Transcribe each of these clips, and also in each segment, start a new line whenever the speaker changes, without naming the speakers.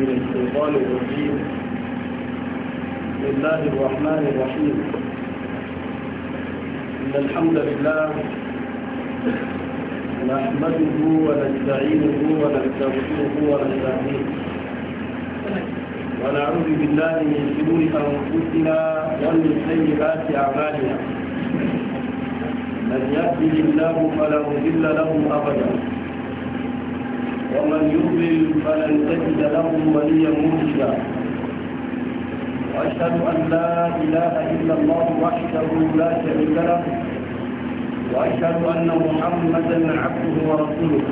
من الشيطان الرجيم بسم الله الرحمن الرحيم
إن الحمد لله نحمده ونستعينه ونستغفره ونستهديه ونعوذ بالله من شرور أنفسنا ومن سيئات أعمالنا من يهده الله فلا مضل له أبدا ومن يضلل فلن تجد له وليا مرشدا واشهد ان لا اله الا الله وحده لا شريك له واشهد ان محمدا عبده ورسوله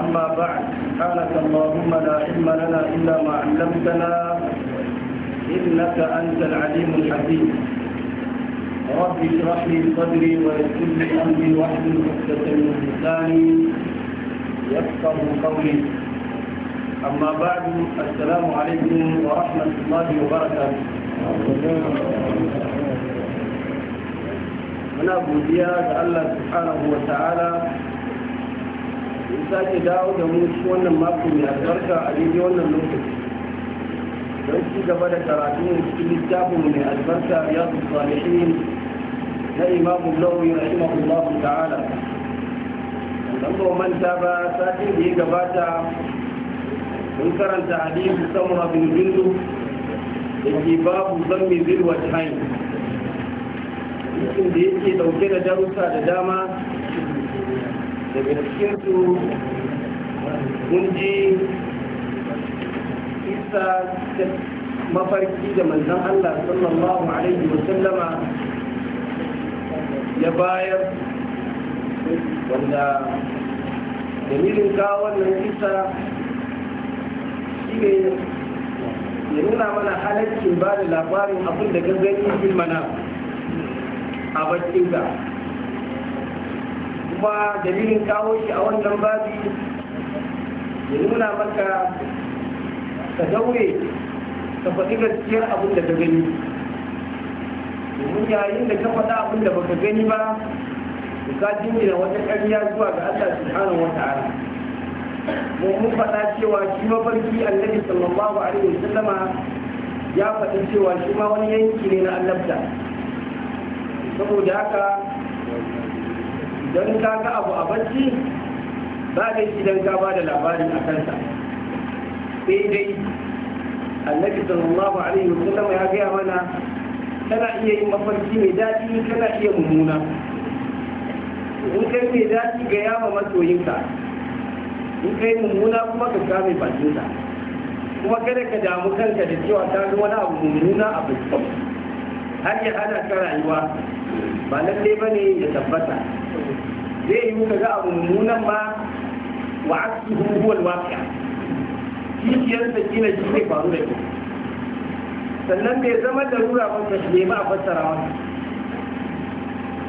اما بعد سبحانك اللهم لا علم لنا الا ما علمتنا انك انت العليم الحكيم رب اشرح لي صدري ويسر لي امري واحلل عقده من لساني يفقه قولي أما بعد السلام عليكم ورحمة الله وبركاته muna godiya ga Allah subhanahu wa ta'ala in sake dawo da mu shi wannan mako mai albarka a daidai wannan lokaci don ci gaba da karatu cikin littafin mai albarka ya su salihin na imamu lauyi rahimahullahu ta'ala don ba manta ba satin da ya gabata mun karanta hadisi samura bin bindu da ke babu zammi zil wajhain cikin da yake dauke da darussa da dama daga cikinsu mun ji isa ta mafarki da manzan Allah sallallahu alaihi wa sallama ya bayar wanda dalilin kawo wannan kisa shi ne ya nuna mana halaccin ba da labarin abin da ka gani fil mana a bakin da kuma dalilin kawo shi a wannan babi ya nuna maka ka daure ka faɗi gaskiyar abin da ka gani domin yayin da ka faɗa abin da baka gani ba ka jingina wata ƙarya zuwa ga Allah subhanahu wa ta'ala mu mun faɗa cewa shi mafarki annabi sallallahu alaihi Sallama ya faɗi cewa shi ma wani yanki ne na annabta saboda haka idan ka ga abu a bacci ba da shi don ka ba da labarin a kansa sai dai annabi sallallahu alaihi Sallama ya gaya mana kana iya yin mafarki mai daɗi kana iya mummuna in kai mai daɗi ga yama masoyinka in kai mummuna kuma ka kame bakinka kuma kada ka damu kanka da cewa ta ga wani abu mummuna a fuskar har ya hana ka rayuwa ba lalle ba ne ya tabbata zai yi muka ga abu mummunan ba wa aksi hukuwar wafiya da gina shi ne faru da ke sannan bai zama da rura ba ka shi ne ba a fassara wata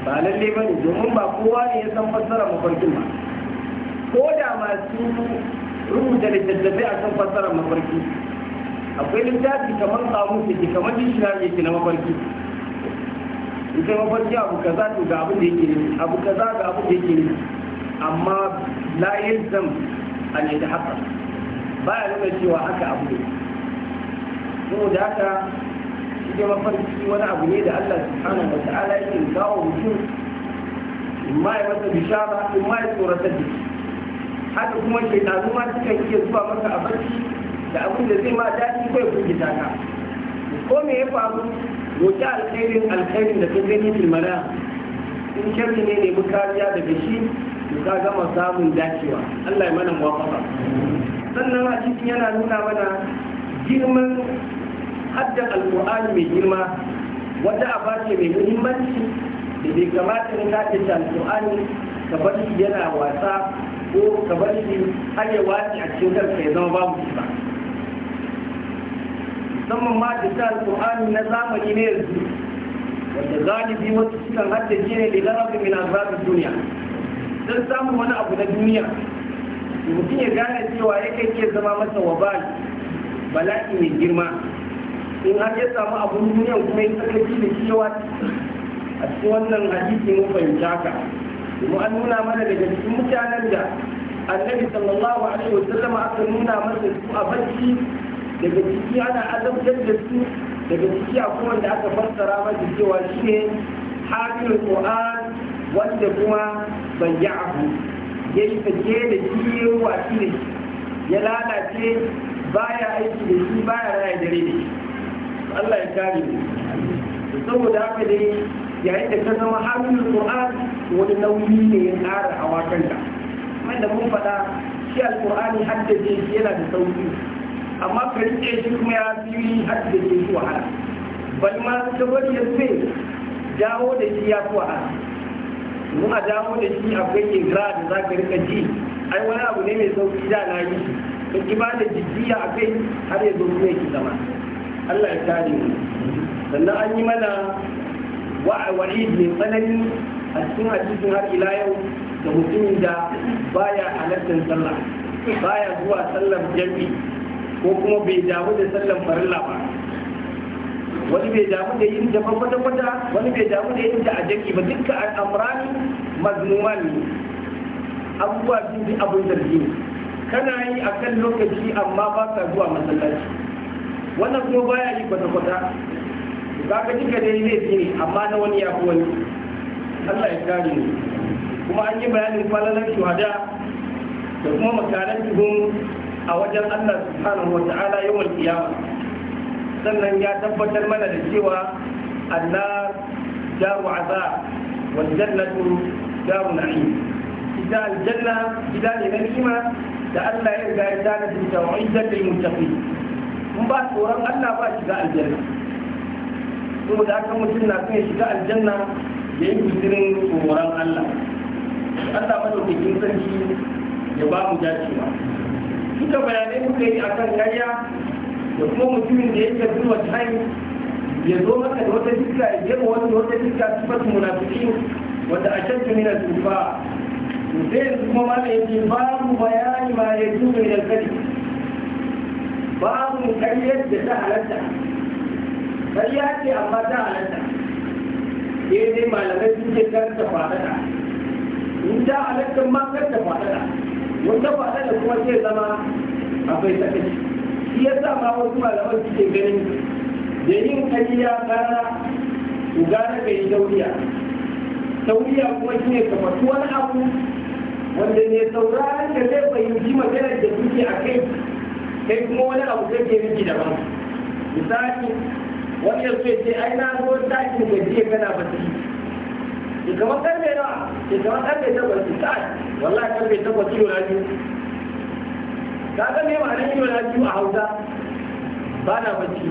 ba lalle ba ne domin ba kowa ne ya san fassara mafarkin ba ko da masu rubuta da littattafai a kan fassara mafarki akwai littafi kamar samun da ke kamar dishira ne ke na mafarki ita mafarki abu kaza to ga abin da yake nufi abu kaza ga abin da yake nufi amma la a ne da haka ba ya nuna cewa haka abu ne saboda haka ita mafarki wani abu ne da Allah subhanahu wa ta'ala yake kawo mutum in ma ya masa bishara in ma ya tsoratar da shi haka kuma tazu ma suka iya zuwa maka a barci da abin da zai ma daɗi ko ya firgita taka. ko me ya faru roƙi alkhairin alkhairin da ka gani filmana in sharri ne ne kariya daga shi to ka gama samun dacewa Allah ya mana muwafaka sannan a cikin yana nuna mana girman hadda alƙur'ani mai girma wata aba ce mai muhimmanci da bai kamata in ka ce alƙur'ani ka bari yana wasa ko ka bari har ya wace a cikin kanka ya zama babu shi ba musamman ma da ta alƙur'ani na zamani ne yanzu wanda galibi wasu sukan haddace ne da larabin min azabin duniya don samun wani abu na duniya mutum ya gane cewa yake kai zama masa wabali bala'i mai girma in har ya samu abun duniya kuma ya tsakaci da cewa a cikin wannan hadisi mun fahimta ka domin an nuna mana daga cikin mutanen da annabi sallallahu alaihi wa sallama aka nuna masa su a bacci daga ciki ana azabtar da su daga ciki a wanda aka fassara masa cewa shi ne al qur'an wanda kuma bayya'ahu ya yi fage da shi wa ya lalace baya aiki da shi baya raya dare da shi Allah ya kare mu saboda haka ne yayin da ta zama hamilul qur'an wani nauyi ne ya ƙara a hawa kanta da mun faɗa shi alqur'ani haddace shi yana da sauki amma ka rike shi kuma ya fi haddace shi wahala bal ma ta bari ya ce dawo da shi ya fi wahala muna dawo da shi akwai gira da za ka rika ji ai wani abu ne mai sauki da na yi ki ba da jijiya kai har ya zo kuma ya ki zama Allah ya kare mu sannan an yi mana wa'id mai tsanani a cikin hadisin har ila yau da mutumin da baya halartar sallah baya zuwa sallar jami ko kuma bai damu da sallar farilla ba wani bai damu da yin da kwata-kwata wani bai damu da yin da a jaki ba duka al'amurani mazmumani abubuwa sun ji abin zargi kana yi a kan lokaci amma ba ka zuwa masallaci wannan kuma baya yi kwata-kwata Ba ka cika dai laifi ne amma na wani ya fi wani Allah ya kare ni kuma an yi bayanin falalar shuhada da kuma makaran tuhum a wajen Allah subhanahu wa ta'ala yawan kiyama sannan ya tabbatar mana da cewa Allah daru azab wal jannatu daru na'im ita aljanna gida ne na nima, da Allah ya riga ya tana da tawhidin lil muttaqin in ba tsoron Allah ba shiga aljanna kuma da aka mutum na kan shiga aljanna da yi kusurin tsoron Allah Allah da sarki ya ba mu jacewa duka bayanai muka yi akan karya da kuma mutumin da ya karbi wata hanyar ya zo maka da wata fiska ya gema wani da wata su sifatu munafiki wanda a can min al-kufa to sai yanzu kuma ma yake babu bayani ma ya tuba ila kari. babu ƙaryar da ta halatta ƙarya ce amma ta halatta daidai malamai sun ce kar ta faɗaɗa in ta halatta ma kan ta faɗaɗa wanda faɗaɗa kuma zai zama akwai sakaci shi ya sa ma wasu malaman suke ganin da yin ƙarya gara su gara ka yi tauriya tauriya kuma shi ne kamar faɗi wani abu wanda ne sauraron da zai fahimci maganar da kuke a kai kai kuma wani abu kake miki daban misali wani ya so ce ai na zo takin gajiya kana bacci ki kamar karfe nawa ki kamar karfe takwas ki kai wallahi karfe takwas kilo na biyu ka ga me ma'anar kilo na biyu a Hausa ba na bacci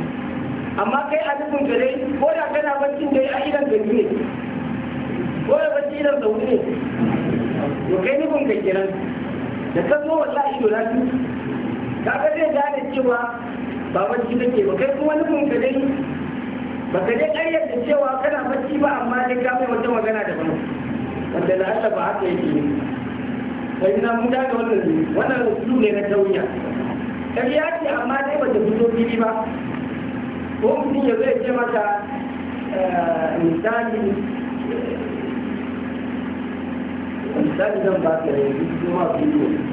amma kai a cikin gare, ko da kana baccin dai a idan ka ne ko da bacci idan sauri ne to kai nufin ka kenan da ka zo wallahi kilo na biyu kaga zai gane cewa ba bacci kake ba kai kuma nufin ka dai ba ka dai ƙaryar da cewa kana bacci ba amma dai ka mai wata magana ba wanda na Allah ba haka yake ne sai na mun daga wannan wannan rubutu ne na tauriya ƙarya ce amma dai ba ta fito fili ba ko mutum ya zai ce mata eh, misali eh, misali zan ba ka yanzu kuma bidiyo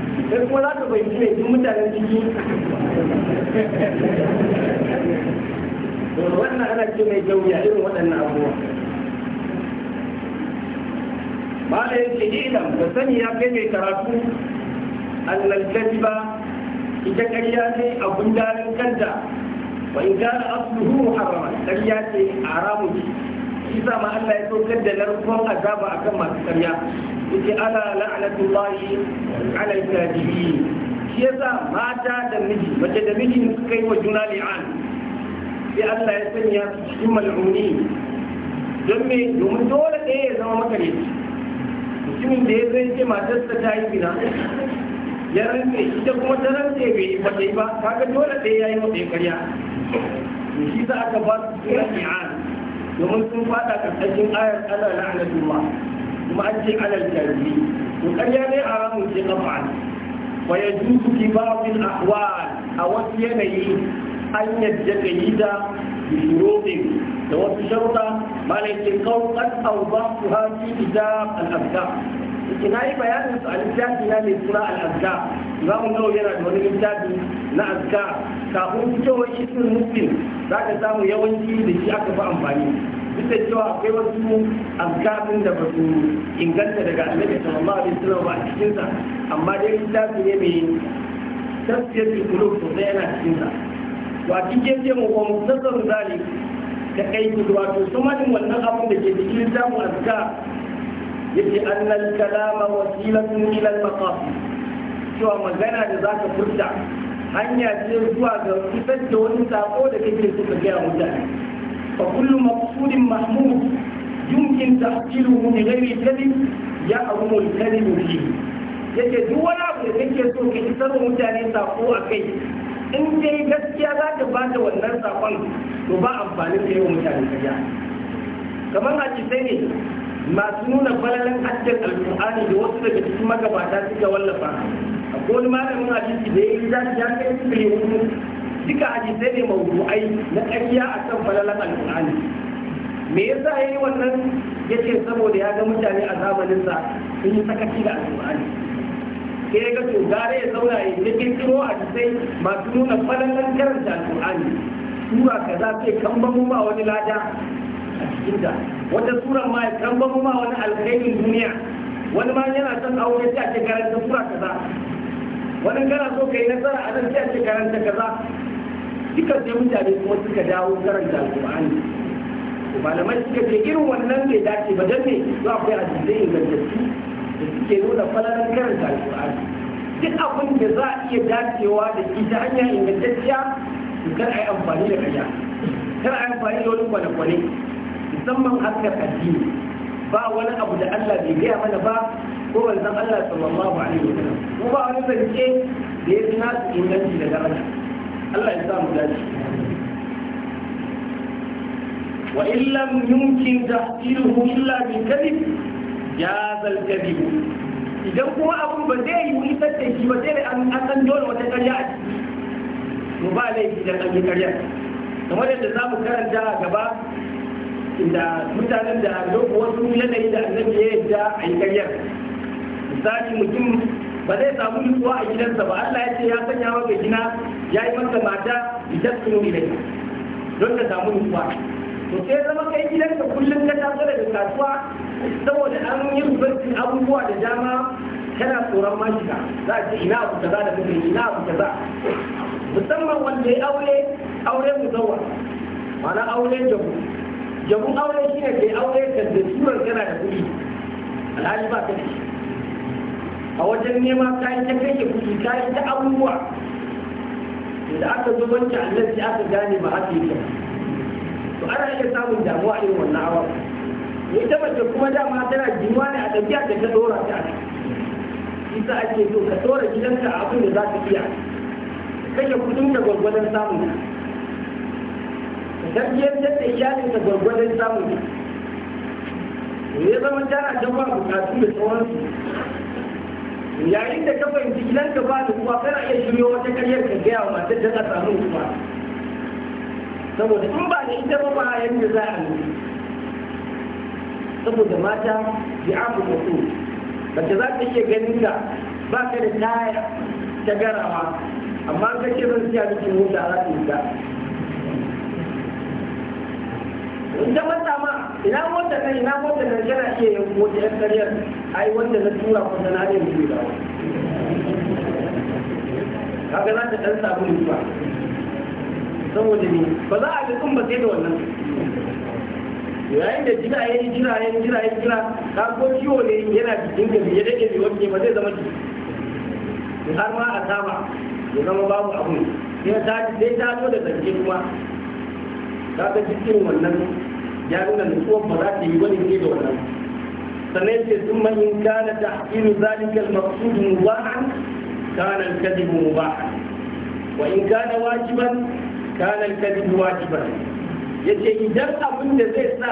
sai kuma za ka fahimci mai duk mutanen ciki wannan ana ce mai a irin waɗannan abubuwa ba da yake ilam da sani ya kai mai karatu annal ba, ita ƙarya ce abun darin kanta wa in kana asluhu muharraman ƙarya ce haramun ce shi sa ma Allah ya saukar da narkon azaba kan masu karya yake ala la'natullahi ala al-kafirin shi yasa mata da miji mace da miji suka yi wa juna li'an sai Allah ya sanya su cikin mal'uni don me domin dole ɗaya ya zama makareci mutumin da ya zai ce matarsa ta yi bina ya rantse ita kuma ta rantse bai ba ta yi ba kaga dole ɗaya ya yi wa ɗaya karya shi sa aka ba su suna li'an domin sun fada karkashin ayar ana la'anatullah kuma an ce alal kazi to ƙarya ne a ramun ce kafa wa yajuzu fi ba'dil ahwal a wasu yanayi an yadda yi da shuruɗin da wasu sharuɗa malaikin kawai kan au ba su hafi da al'abda yake na yi bayanin su a littafi na mai tura al'azka za mu nawa yana da wani littafi na azka kafin fitowar ismin muslim za ka samu yawanci da shi aka fi amfani duk da cewa akwai wasu azkarin da ba su inganta daga annabi sallallahu alaihi wasallam ba a cikinsa amma dai littafi ne mai tafsir kulub sosai yana cikinsa wa cikin ce mu ko musassar zalik da kai wato sumanin wannan abin da ke cikin littafin azka yake annal kalama wasilatun ila al-maqasid cewa magana da zaka furta hanya ce zuwa ga fitar da wani sako da kake so ka gaya mutane fa kullu maqsudin mahmud yumkin tahqiluhu bi ghairi kadhib ya arumu al-kadhib fihi yake duk wani abu da kake so ka isar mutane sako a kai in dai gaskiya za ta ba da wannan sakon to ba amfani da yawan mutane kariya kamar a ce sai ne masu nuna falalin hajjar alkur'ani da wasu daga cikin magabata suka wallafa a wani malamin hadisi da ya yi zafi ya kai sifili hudu duka hadisai ne mawuru'ai na ƙarya a kan falalan alkur'ani me yasa ya yi wannan ya ce saboda ya ga mutane a zamaninsa sun yi sakaci da alkur'ani sai ga to gare ya zauna ya kiro a hadisai masu nuna falalin karanta alkur'ani sura kaza sai kan ba wani lada a cikinta wata sura ma ya kan babu ma wani alkhairin duniya wani ma yana son aure sai a ce karanta sura kaza wani kana so kai nasara a nan a ce karanta kaza duka sai mutane kuma suka dawo karanta alqur'ani malamai suka ce irin wannan bai dace ba dan ne za ku yi hadisai ingantattu da suke nuna falalan karanta alqur'ani duk abin da za a iya dacewa da ta hanya ingantacciya to kar a yi amfani da kaya kar a yi amfani da wani kwane-kwane musamman harkar addini ba wani abu da Allah bai gaya mana ba ko wanzan Allah sallallahu alaihi wa sallam ko ba wani zance da ya fi nasu inganci da daraja Allah ya sa mu dace wa illam yumkin tahsiluhu illa bi kadhib ya al kadhib idan kuma abu ba zai yi isar da shi ba sai da an san dole wata karya a ciki to ba laifi da an yi karya kamar yadda za mu karanta a gaba da mutanen da wasu yanayi da annabi ya yadda a yi karyar misali mutum ba zai samu nutsuwa a gidansa ba Allah ya ce ya sanya maka gina ya yi maka mata idan sun da don ka samu nutsuwa to sai zama kai gidanka kullum ka taso daga kasuwa saboda an yi rubarci abubuwa da dama kana tsoron ma shiga za a ce ina abu kaza da kuma ina abu kaza musamman wanda ya aure aure mu zawa ma'ana aure jago jabun aure shi ne kai aure ka da surar kana da kuɗi alhali ba ka da a wajen nema ka ta kai kuɗi ka ta abubuwa da aka zo wancan annabi aka gane ba haka yake to ana iya samun damuwa irin wannan awa ita mace kuma dama tana jimuwa ne a tafiya da ta dora ta isa ake so ka dora gidanka a abin da za ka iya kashe kudin da gwargwadon samun tafiyar da iyalin ka gwargwadon samun ya zama tana can ba bukatu da sauransu yayin da ka fahimci gidan ka ba da kuma kana iya shiryo wata karyar ka gaya wa matar da ka samu kuma saboda in ba da ita ba ba yadda za a yi saboda mata bi abu da su za ta iya ganin ka ba ka da taya ta garawa amma ka ce zan siya miki mota za ta yi idan wata ma ina wanda kai ina wanda nan yana iya yin wata yan kariyar ai wanda na tura ko na iya mutu da wani kaga za ta dan samu riba saboda ne ba za a ga kun ba sai da wannan yayin da jira ya yi jira ya yi jira ya yi jira ka ko ciwo ne yana jikin gari ya dake bai wanke ba zai zama jiki har ma a sama ya zama babu abu sai ta zo da zance kuma kaga cikin wannan ya nuna nutsuwar ba za ta yi wani ne da wannan sannan ce sun man in kana ta hakilu zalikal maqsud mubahan kana al-kadhibu mubahan wa in kana wajiban kana al-kadhibu ya ce idan abin da zai sa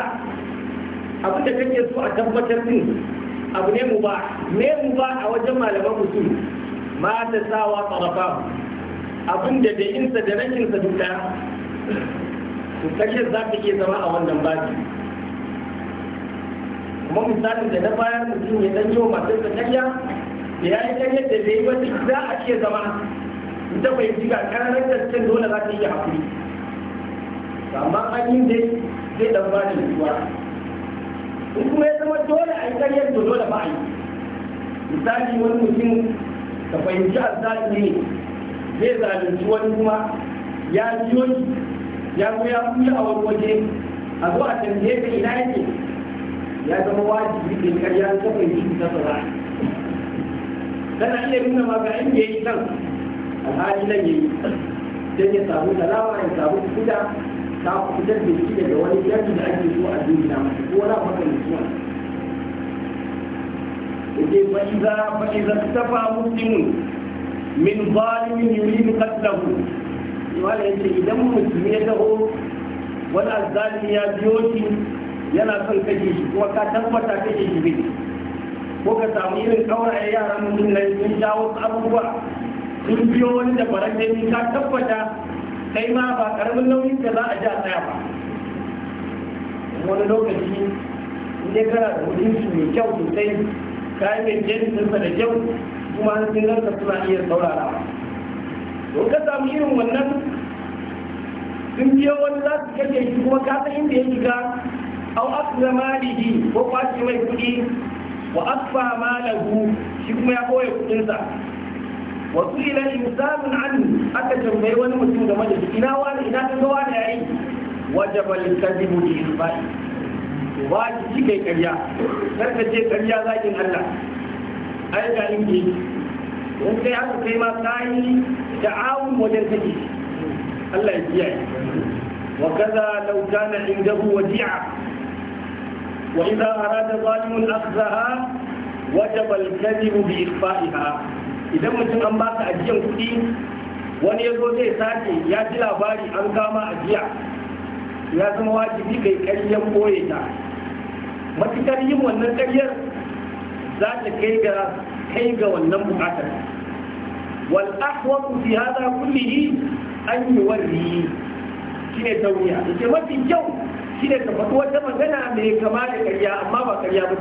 abin da kake so a tabbatar din abu ne mu ba ne mu a wajen malaman mutum ma ta sawa tsarafa abin da da insa da rashinsa duk daya to za ta iya zama a wannan baki kuma misalin da na bayan mutum ya dan yi wa matarsa karya da ya yi karyar da bai yi ba za a iya zama ita bai ji ga da cikin dole za ta iya haƙuri amma an yi dai zai dan ba da mutuwa in kuma ya zama dole a yi karyar da dole ba a yi misali wani mutum ka fahimci azzali ne zai zalunci wani kuma ya biyo shi ya zo ya kuya a wani waje a zo a tambaye ka ina yake ya zama wajibi da karya ta shi ta tsara kana iya nuna maka in yayi kan alhali nan yayi dan ya samu salama ya samu kuda ta fitar da shi daga wani yanki da ake so a duniya masu ko na maka ba yake fa'iza fa'iza tafa muslimun min zalimin yuridu qatlahu wala yace idan musulmi ya taho wani azzali ya biyo shi yana son kashe shi kuma ka tabbata kashe shi bai ko ka samu irin kauraye yaran mutum nan sun sha wasu abubuwa sun biyo wani da farashe ka tabbata kai ma ba karamin nauyin da za a ja tsaya ba wani lokaci ne kana da su mai kyau sosai kayan mai jenisinsa da kyau kuma an sun suna iya saurara ba. Don ka samu irin wannan sun biyo wani za su kashe shi kuma ka san inda ya shiga au akza malihi ko kwace mai kuɗi wa akfa malahu shi kuma ya koya kuɗinsa wa su'ila insanun an aka tambayi wani mutum game da shi ina wani ina kan gawa da yayi wajaba likazibu li isba'i ba shi kai karya kar ka ce ƙarya zakin Allah ai ga in kai haka kai ma kai da'awun wajen kake Allah ya kiyaye wa kaza law kana indahu wadi'a wa idha arada zalimun akhzaha wajaba al-kadhib bi ikhfa'iha idan mutum an baka ajiyan kuɗi wani ya zo zai sake ya ji labari an kama ajiya ya zama wajibi kai karyar boye ta matukar yin wannan karyar za ta kai ga kai ga wannan buƙatar wal ahwatu fi hadha kullihi an yi warri shi ne tauriya ita mafi kyau shi ne ka faɗi wata magana mai kama da karya amma ba karya ba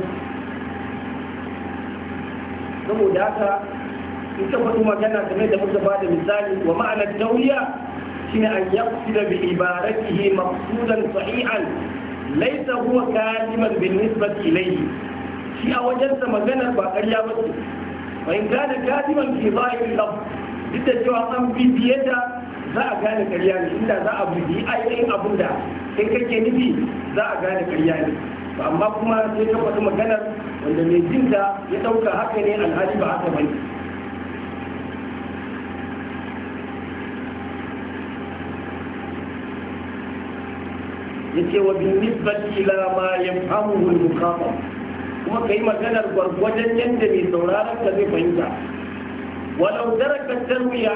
saboda haka in ka faɗi magana game da muka ba da misali wa ma'anar tauriya شين أن يقصد بعبارته مقصودا صحيحا ليس هو كاذبا بالنسبة إليه شيء وجدت مجانا بقرية وإن كان كاذبا في ظاهر اللفظ جدا جوا أم في بيدا za a gane karya ne inda za a bugi ayoyin abin da in kake nufi za a gane karya ne amma kuma sai ka faɗi maganar wanda mai jin da ya ɗauka haka ne alhali ba haka bane ce wa bin nisbati ila ma yafhamuhu al-muqatab kuma kai maganar gwargwadon yadda mai sauraron ka zai fahimta walau daraka tarwiya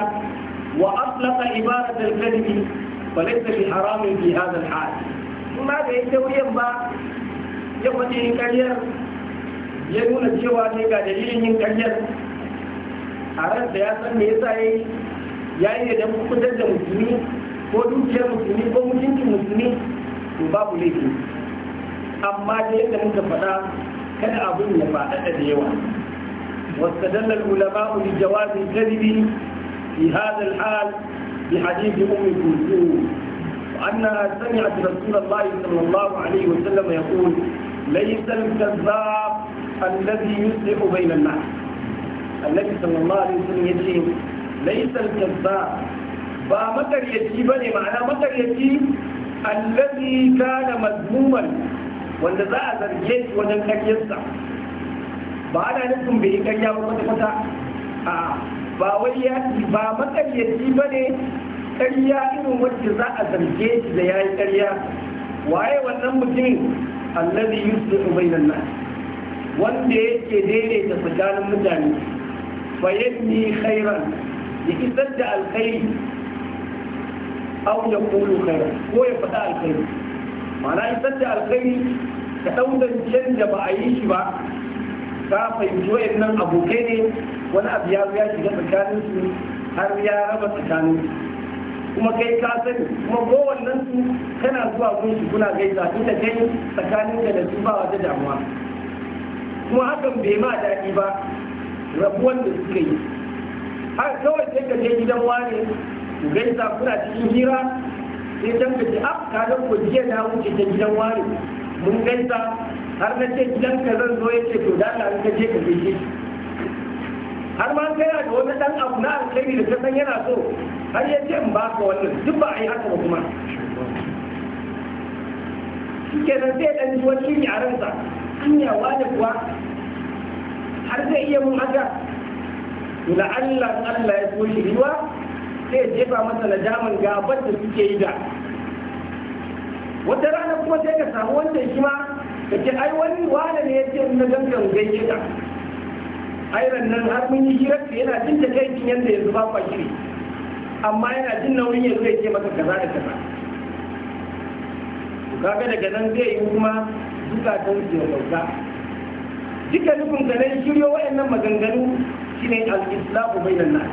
وأطلق عبارة الكذب فليس بحرام في هذا الحال ما da ita wuyan ba ya faɗi yin ƙaryar ya nuna cewa ne ga dalilin yin karyar. a da ya san me yasa yayi yayi ne don kuɗar da musulmi ko dukiyar musulmi ko mutuncin musulmi to babu laifi amma da yadda muka faɗa kada abin ya faɗaɗa da yawa wasu dallar ulama uli jawabin kadibi في هذا الحال بحديث أم كلثوم وأنها سمعت رسول الله صلى الله عليه وسلم يقول ليس الكذاب الذي يصلح بين الناس النبي صلى الله عليه وسلم يقول ليس الكذاب فمكر makaryaci ba ne مكر makaryaci الذي كان مذموما wanda za a zarge shi wajen karyarsa ba ana nufin bai ba wai ya ba makaryaci ba ne ƙarya irin wacce za a zarge shi da ya yi ƙarya waye wannan mutum allazi yusuf nan na? wanda yake daidaita tsakanin mutane ni khairan ya isar da alkhairi aw ya kulu khairan ko ya faɗa alkhairi ma'ana isar da alkhairi ka ɗaukar da ba a yi shi ba ka fahimci wayannan abokai ne wani abu ya ya shiga tsakanin su har ya raba tsakanin su kuma kai ka sani kuma kowannen su kana zuwa gun shi kuna gaisa da kai tsakanin ka da su ba wata damuwa kuma hakan bai ma daɗi ba rabuwan da suka yi har kawai sai ka je gidan wane ku gaisa kuna cikin hira sai can ka ce a ah, ka ga ku jiya na wuce ta gidan wane mun gaisa har na ce gidan ka zan zo yake to da Allah ka je ka shi. har ma kai da wani dan abu na alkhairi da kasan yana so har ya ce in ba ka wannan duk ba a yi haka ba kuma shike nan sai dan ji wani ransa, hanya wani kuwa har zai iya mun haka la'alla Allah ya so shi riwa sai ya jefa masa ga gabar da suke yi da wata rana kuma sai ka samu wanda shi ma ka ce ai wani wane ne ya ce na gangan gaishe ta ai nan har mun yi hirar yana jin ta kin yadda yanzu ba kwa kire amma yana jin nauyin yanzu zai ce maka kaza da kaza kaga daga nan zai yi kuma duka ta zuwa bauta duka nufin ka nan shiryo wayannan maganganu shine al-islamu bainan nas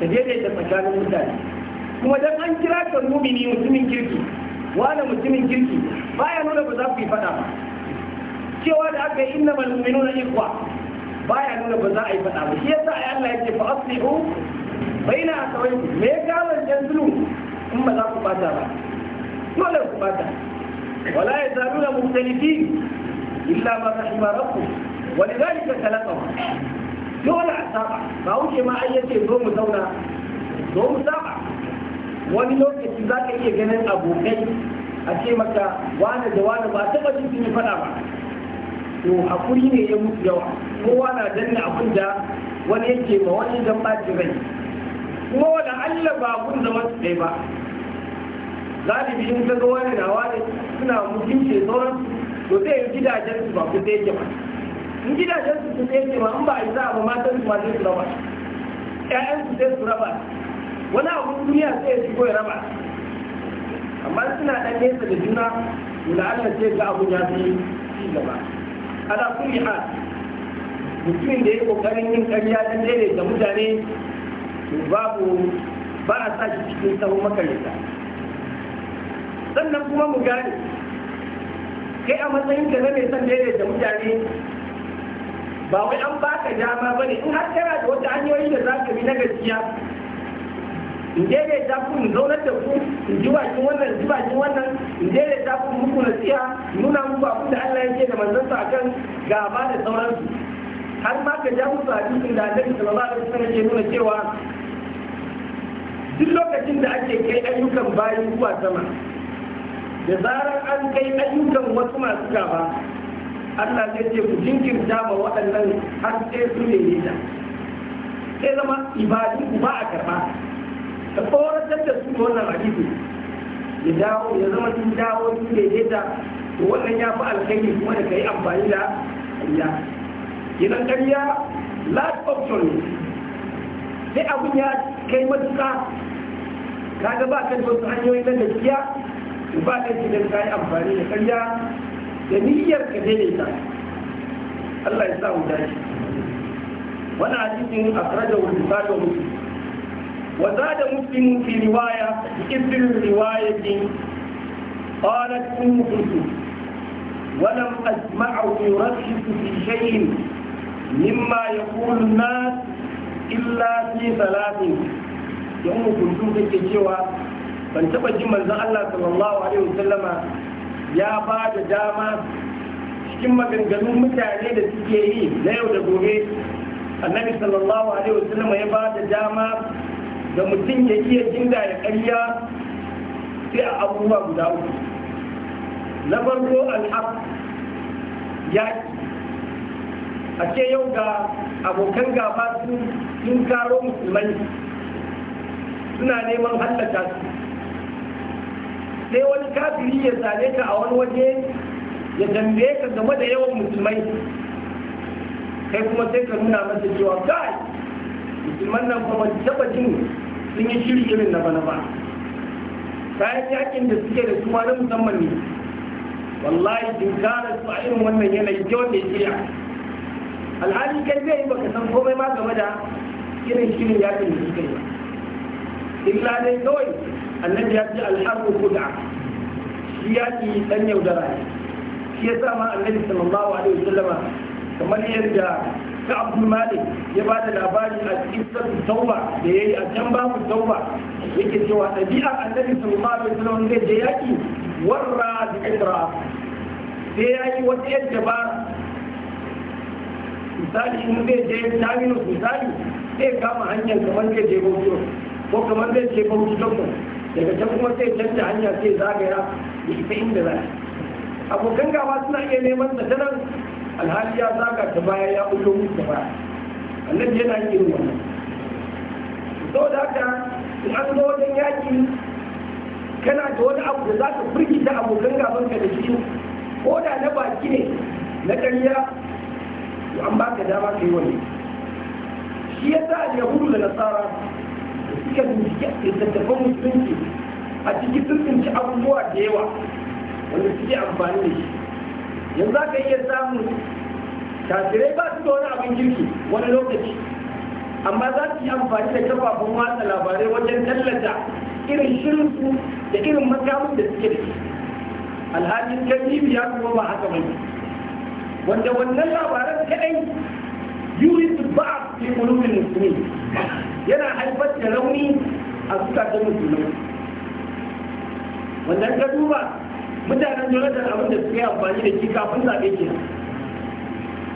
ta daidaita tsakanin mutane kuma dan an kira ka mumini mutumin kirki wani mutumin kirki ba ya nuna ba za ku yi fada ba cewa da aka yi inna mal ikwa, ba ya nuna ba za a yi fada ba shi yasa ai Allah yake Bai na baina akawai me ya gawan zulu? in ba za ku bata ba dole ku bata wala ya yazaluna mukhtalifin illa ma Wani rahima rabbuh ولذلك ba? dole a saba ba wuce ma ai zo mu zauna zo mu saba wani lokaci za ka iya ganin abokai a ce maka wane da wane ba taba jin sun yi faɗa ba to hakuri ne ya mutu yawa kowa na danna abin da wani yake ma wani dan ɓaci rai kuma wani allah ba abun da wasu ɗaya ba galibi in ka ga wani na wani suna mutunce sauran to zai yi gidajen su ba kusa yake ba in gidajen su kusa yake ke ba in ba a yi za a ba matan su ma zai su raba ƴaƴan su zai su raba wani abun duniya sai ya shigo ya raba amma suna ɗan nesa da juna da Allah sai ga abun ya fi ci gaba ala kulli hal mutumin da ya kokarin yin ƙarya da dare da mutane babu ba a sa shi cikin tsawon makarita sannan kuma mu gane kai a matsayin da na mai son dare da mutane ba wai an baka dama ba ne in har kana da wata hanyoyi da za ka bi na gaskiya in daidai ta ku in zaunar da ku in ji bakin wannan ji bakin wannan in daidai ta ku muku nasiha nuna muku abin da Allah yake da manzansa akan gaba da sauransu har ma ka ja musu hadisin da Annabi sallallahu alaihi wasallam ke nuna cewa duk lokacin da ake kai ayyukan bayan zuwa sama da zarar an kai ayyukan wasu masu gaba Allah zai ce ku jinkirta ma waɗannan har sai su ne nisa sai zama ibadu ba a karɓa ka tsoratar da su wannan hadisi ya dawo ya zama sun dawo sun daidaita to wannan ya fi alkhairi kuma da kai amfani da ƙarya idan ƙarya last option ne sai abin ya kai matuƙa kaga ba kan wasu hanyoyi na gaskiya ba kan shi don kayi amfani da ƙarya da niyyar ka daidaita Allah ya sa mu dace wannan hadisin akhrajahu al-Bukhari wa Muslim وزاد مسلم في رواية في الرواية قالت أم كلثوم ولم أسمعه يركز في شيء مما يقول الناس إلا في ثلاث أم كلثوم في الجوا فانتبه جمع الله صلى الله عليه وسلم يا بعد جامع كما كان جنوب متعني لتكيه لا يوجد النبي صلى الله عليه وسلم يبعد جامع da mutum ya iya jinda ya karya, sai a abubuwa guda uku na farko alhaq ya a ce yau ga abokan gaba sun karo musulmai suna neman hallaka su sai wani kafiri ya zane ka a wani waje ya dambe ka game da yawan musulmai kai kuma sai ka nuna masa cewa kai musulman nan kuma taba jin sun yi shiri irin na bana ba kayan yakin da suke da kuma na musamman ne wallahi dinkarar su a irin wannan yanayi ta wanda shirya alhali kai zai yi baka san komai ma game da irin shirin yakin da suke yi illa dai kawai annabi ya ce alharbu kuda shi yaki dan yaudara shi ya sa ma annabi sallallahu alaihi wasallama kamar yadda ka abu malik ya ba da labari a cikin tauba da ya yi a can babu tauba yake cewa ɗabi'ar annabi sallallahu alaihi wasallam zai je yaki warra da ibra sai ya yi wata yadda ba misali in zai je terminus misali zai kama hanyar kamar zai je bauchi ko kamar zai je bauchi doktor daga can kuma sai canja hanya sai zagaya da ita inda za abokan gaba suna iya neman sa ta nan alhali ya zaga ta baya ya fito mu ta baya annabi yana yin irin wannan da haka in an zo wajen yaƙi kana da wani abu da za ka abokan abokan ka da shi ko da na baki ne na ƙarya to an baka dama ka yi wani shi ya sa yahudu da nasara da suka bincike littattafan musulunci a cikin sun abubuwa da yawa wanda suke amfani da shi yanzu za ka iya samun tasirai ba su da wani abin kirki wani lokaci amma za su yi amfani da kafafun watsa labarai wajen tallata irin shirinsu da irin makamun da suke da shi alhalin kadibi ya kuma ba haka bane wanda wannan labaran yuri su ba fi qulubil musulmi yana haifar da rauni a zukatan musulmai wannan ka duba mutanen jonathan abin da suka yi amfani da shi kafin zaɓe ke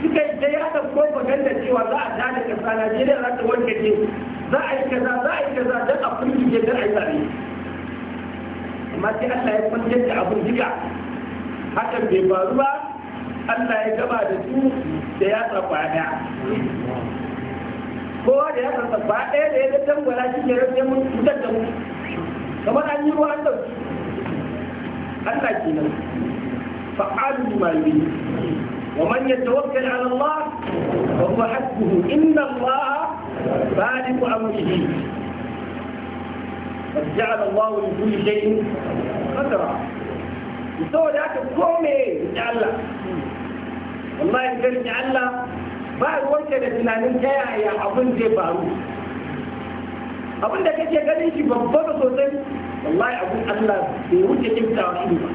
suka yi ta yada propaganda cewa za a tada kasa najeriya za ta ce za a yi kaza za a yi kaza don a firgice don a yi zaɓe amma sai allah ya kwantar da abin jika. hakan bai faru ba allah ya gaba da su da ya tsafa ɗaya kowa da ya tsafa ɗaya da ya ga tangwala shi ke rage mutar da mu kamar an yi ruwa an ɗauki Allah kenan fa'alu lima yuridu wa man yatawakkal ala Allah wa huwa hasbuhu inna Allah baligh amrihi فجعل الله لكل شيء قدرا saboda haka kome da Allah wallahi gari da Allah ba ruwanka da tunanin ta yaya abin zai faru abin da kake ganin shi babba da sosai wallahi abun Allah bai wuce kimtawa shi ba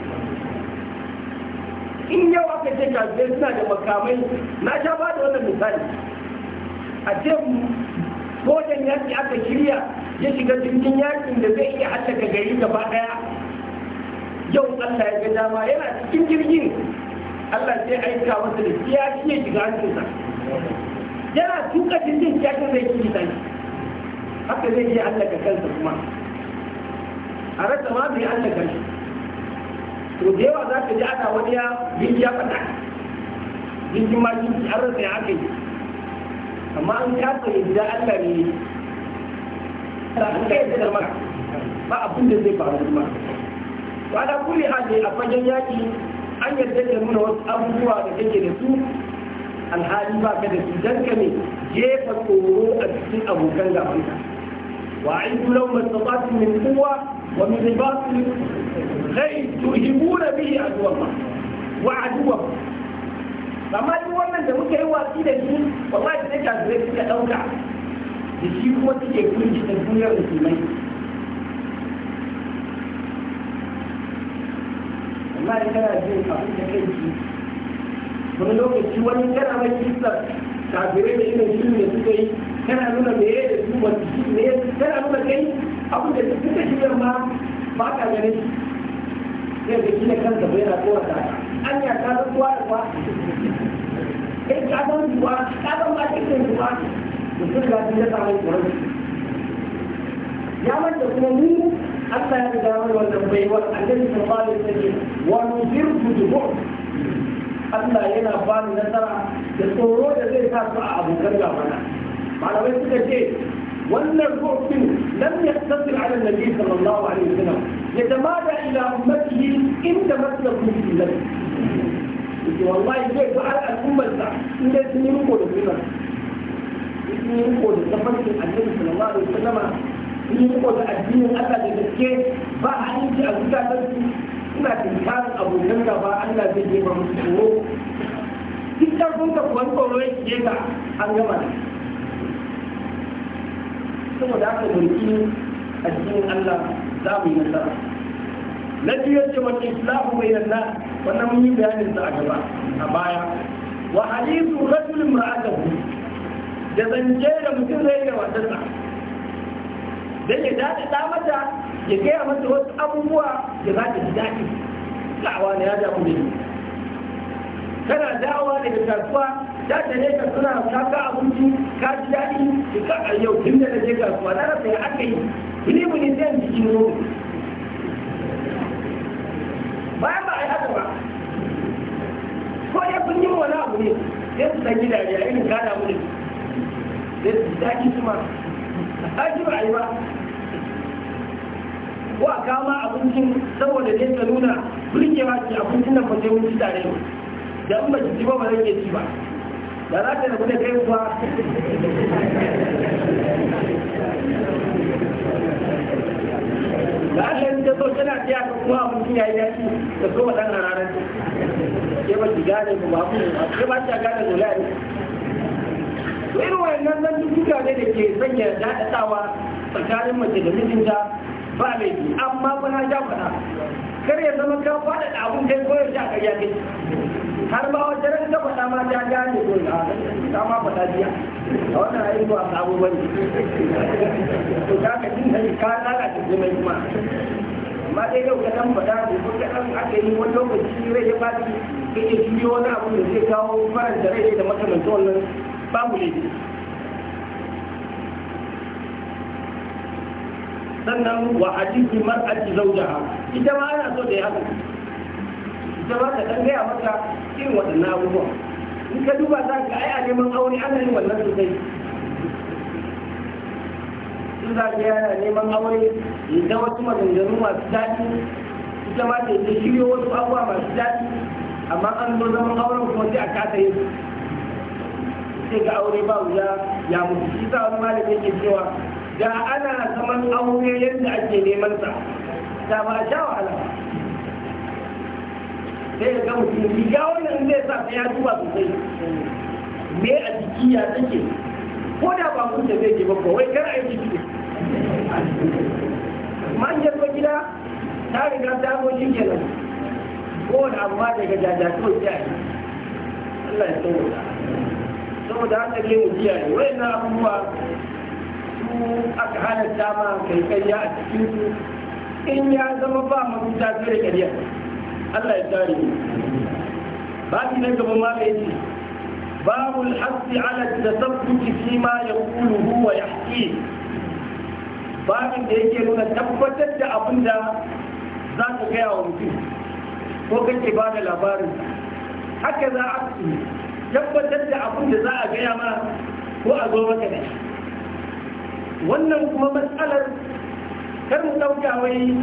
in yau aka ce kafirai suna da makamai na sha ba da wannan misali a ce sojan yaki aka shirya ya shiga jirgin yakin da zai iya haddaka gari gaba daya yau Allah ya ga dama yana cikin jirgin Allah sai aika masa da shi ya shiga hancinsa yana tuka jirgin kiyashin zai kiri shi haka zai iya hallaka kansa kuma a rasa ma bai an daga to da yawa za ka ji ana wani ya yin ya faɗa yin ma yin an rasa ya haka yi amma an kasa yadda Allah ne an kai da maka ba abin da zai faru kuma to ana kulli hali a fagen yaki an yarda da nuna wasu abubuwa da kake da su alhali ba ka da su dan ka ne jefa tsoro a cikin abokan gaban ka. wa aidu lau mastata'tum min quwwa ومن الباطل غير تلهمون به عدو الله وعدوه amma duk wannan da muka yi watsi da shi wallahi da kafirai suka dauka da shi kuma suke kunji da duniyar musulmai wallahi kana jin abin da kai ji wani lokaci wani kana mai kisar kafirai da irin shirin da suka yi kana nuna me ya su wata me ya kana nuna kai abin da duk da shigar ma ba ka ganin sai da kila kanka bai na tsora ta an ya ta zan kuwa da kuwa kai ka zan kuwa ka zan ba kai kai kuwa mutum ga sun yasa mai kuwa ya manta kuma mu Allah ya riga mana wannan baiwar annabi sallallahu alaihi wasallam wa nusirtu bi Allah yana ba nasara da tsoro da zai sa su a abokan gabana على مثل ولا والنبي لم يقتصر على النبي صلى الله عليه وسلم يتمادى الى امته ان تمسكوا بالله والله كيف على الأمة إن اسمي مقود فينا اسمي مقود تفضل الحديث صلى الله عليه وسلم اسمي مقود الدين أتى لتسكي فأعيش أبو جابر إما في كان أبو جنة فأعنا في جيبا مسلمه كيف تكون تقوان قولوه كيبا أن يمانا saboda aka mulki addinin Allah za mu yi nasara na biyu yace wal islahu bai nas wannan mun yi bayanin sa a gaba a baya wa hadithu rajul imra'atahu da zance da mutum zai da wasansa dan ya dace da mata ya gaya mata wasu abubuwa da za ta ji daɗi da'awa ne ya damu da ni kana da'awa daga kasuwa da ta ne ka suna ka ka abinci ka ji daɗi ka a yau tun da na je kasuwa na rasa ya aka yi ni mu yi zan jikin mu bayan ba a yi haka ba ko ya kun yi wani abu ne sai su san gidaje a irin kada mu ne sai su daɗi su ma ji ba a yi ba ko a kama abincin saboda dai ta nuna burgewa ce abincin da mace mun ci tare da in ba ci ba ba zan iya ci ba da za ta rabu da kai kuwa da aka yi ta so tana tiya ka kuma abin ya yi yaki da so wa ɗan ranar ke ba ki gane ku ba ku ba ta gane dola ne to irin wayannan nan duka ne da ke sanya daɗaɗawa tsakanin mace da mijinta ba laifi amma ba na ja faɗa kar ya zama ka faɗaɗa abin kai ko ya sha kai ya har ba wa jiran ta faɗa ma ta gane ko na ta ma faɗa biya a wannan ayi ba sabu bane to ka ka din da ka lalace ne mai kuma amma dai da ka dan faɗa da ko ka dan aka yi wani lokaci rai ya faɗi ke ya juyo wani abu da zai kawo da rai da makamantan wannan babu laifi sannan wa hadisi mar'ati zawjaha ita ma ana so da ya haka na ma ka dan gaya masa irin waɗannan abubuwan in ka duba za ka ai a neman aure ana yin wannan sosai in za ka yana neman aure da wasu maganganu masu daɗi ita ma ta yi shiryo wasu abubuwa masu daɗi amma an zo zaman auren kuma sai a kasa yin sai ga aure ba wuya ya mutu shi sa wani malami yake cewa da ana zaman aure yadda ake neman sa da ba a sha wahala ba. sai ka ga mutum riga wannan zai sa ta ya duba sosai me a jiki ya take ko da ba mutum zai ke babba wai kar a yi jiki manjar ba gida ta riga ta go shi kenan da amma daga jaja kawai ta yi Allah ya saboda saboda haka ne mu kiyaye na abubuwa su aka halatta ma kai kai ya a cikin su in ya zama ba mafita sai da ƙarya Allah ya tare baki na gaba ma da yake babu al-hasbi da tasabbuti fi ma yaquluhu wa yahkihi babin da yake nuna tabbatar da abin da za ka gaya wa mutum ko kake ba da labarin haka za a tabbatar da abin da za a gaya ma ko a zo maka da shi wannan kuma matsalar kar mu ɗauka wai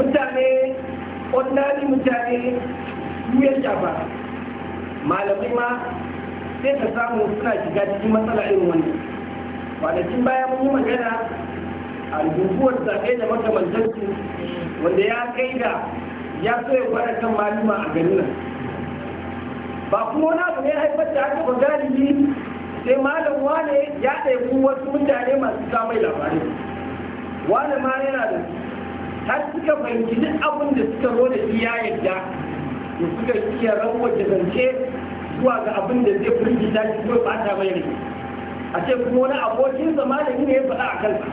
mutane ordinary mutane su ya shafa malamai ma sai ka samu suna shiga cikin matsala irin wannan kwanakin baya mun yi magana a guguwar zaɓe da makamantarsu wanda ya kai da ya so ya gwada kan maluma a garin nan ba kuma wani abu ne haifar da aka ba galibi sai malam wane ya ɗaiku wasu mutane masu samai labarai wane ma yana da su har suka fahimci duk abin da suka zo da iya yadda da suka iya rawar da zance zuwa ga abin da zai firgita shi ko ba ta mai a ce kuma wani abokin malami ne ya faɗa a kansa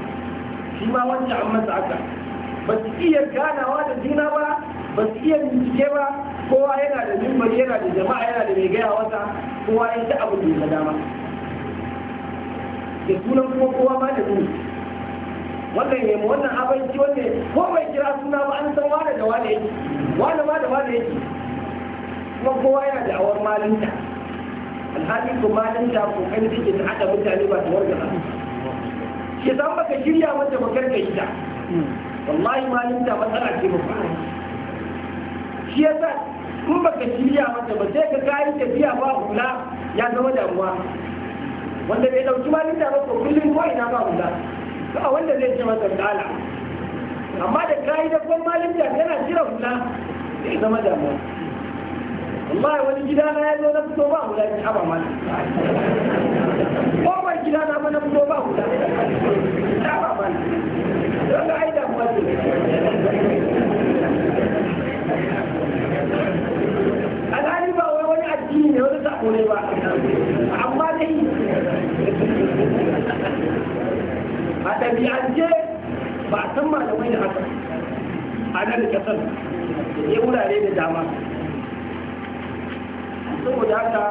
shi ma wancan an masa haka ba su iya ganawa da juna ba ba su iya bincike ba kowa yana da mimbar yana da jama'a yana da mai gaya wata kowa ya ta abu da dama da sunan kuma kowa ma da wannan ne mu wannan abinci wanne, ko bai kira suna ba an san wane da wane yake wane ma da wane yake kuma kowa yana da awar malinta alhali ko malinta ko kan take ta hada mutane ba su warga ba shi san baka shirya mata ba karka yi ta wallahi malinta matsala ce ba shi yasa in baka shirya mata ba sai ka kayi tafiya ba kula ya zama damuwa wanda bai dauki malinta ba ko kullum ko ina ba kula ba wanda zai ce masa kala amma da kayi da kuma malin da yana jira hula zai zama damuwa wallahi wani gida na ya zo na fito ba hula ya ba mana ko gida na ba na fito ba hula ya ba mana don ga aida kuma ce alhali ba wani addini ne wani sako ne ba a ɗabi'ance ba a san malamai da haka a nan da kasar ya wurare da dama saboda haka